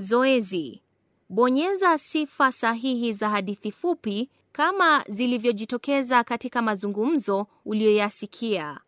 Zoezi: bonyeza sifa sahihi za hadithi fupi kama zilivyojitokeza katika mazungumzo uliyoyasikia.